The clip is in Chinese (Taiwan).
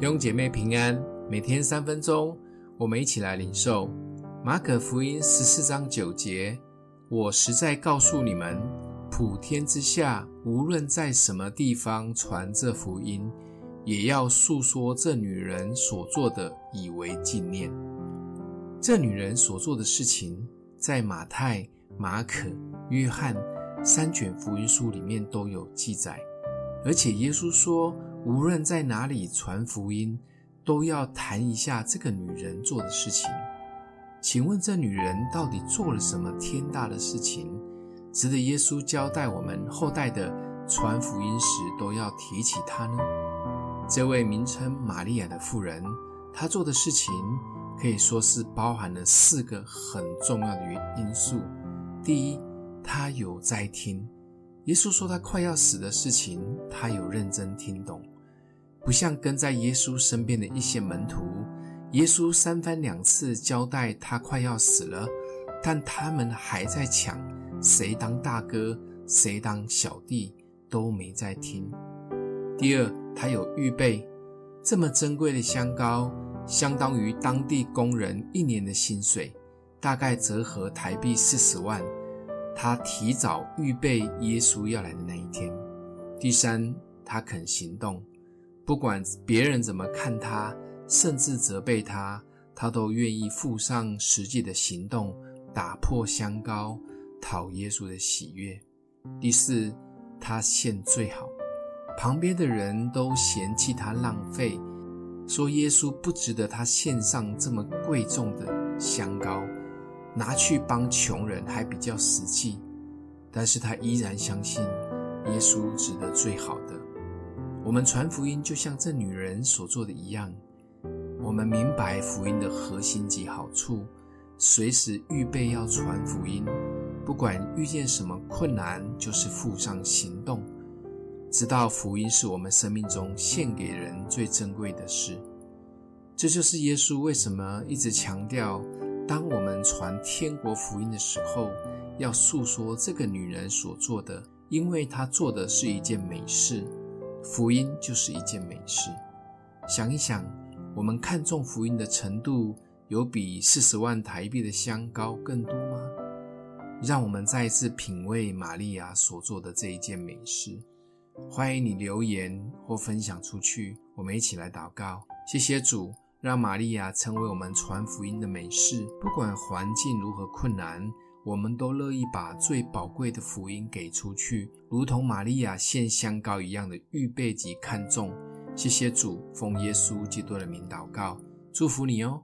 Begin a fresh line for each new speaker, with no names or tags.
弟兄姐妹平安，每天三分鐘，我們一起來領受馬可福音十四章九節。我實在告訴你們，普天之下，無論在什麼地方傳這福音，也要述說這女人所做的，以為紀念。這女人所做的事情，在馬太、馬可、約翰三卷福音書裡面都有記載，而且耶穌說，無論在哪裡傳福音，都要談一下這個女人做的事情。請問，這女人到底做了什麼天大的事情，值得耶穌交代我們後代的傳福音時都要提起她呢？這位名稱瑪利亞的婦人，她做的事情可以說是包含了四個很重要的因素。第一，她有在聽，耶穌說他快要死的事情，她有認真聽懂。不像跟在耶穌身邊的一些門徒，耶穌三番兩次交代他快要死了，但他們還在搶誰當大哥誰當小弟，都沒在聽。第二，他有預備，這麼珍貴的香膏，相當於當地工人一年的薪水，大概折合台幣四十萬。他提早預備耶穌要來的那一天。第三，他肯行動。不管別人怎麼看他，甚至責備他，他都願意付上實際的行動，打破香膏，討耶穌的喜悅。第四，他獻最好，旁邊的人都嫌棄他浪費，說耶穌不值得他獻上這麼貴重的香膏，拿去幫窮人還比較實際。但是他依然相信，耶穌值得最好的。我們傳福音，就像這女人所做的一樣。我們明白福音的核心及好處，隨時預備要傳福音。不管遇見什麼困難，就是付上行動，知道福音是我們生命中獻給人最珍貴的事。這就是耶穌為什麼一直強調，當我們傳天國福音的時候，要述說這個女人所做的，因為她做的是一件美事。福音就是一件美事，想一想，我們看重福音的程度有比四十萬台幣的香膏更多嗎？讓我們再一次品味瑪利亞所做的這一件美事。歡迎你留言或分享出去，我們一起來禱告。謝謝主，讓瑪利亞成為我們傳福音的美事，不管環境如何困難。我們都樂意把最寶貴的福音給出去，如同瑪利亞獻香膏一樣的預備及看重。謝謝主，奉耶穌基督的名禱告，祝福你哦。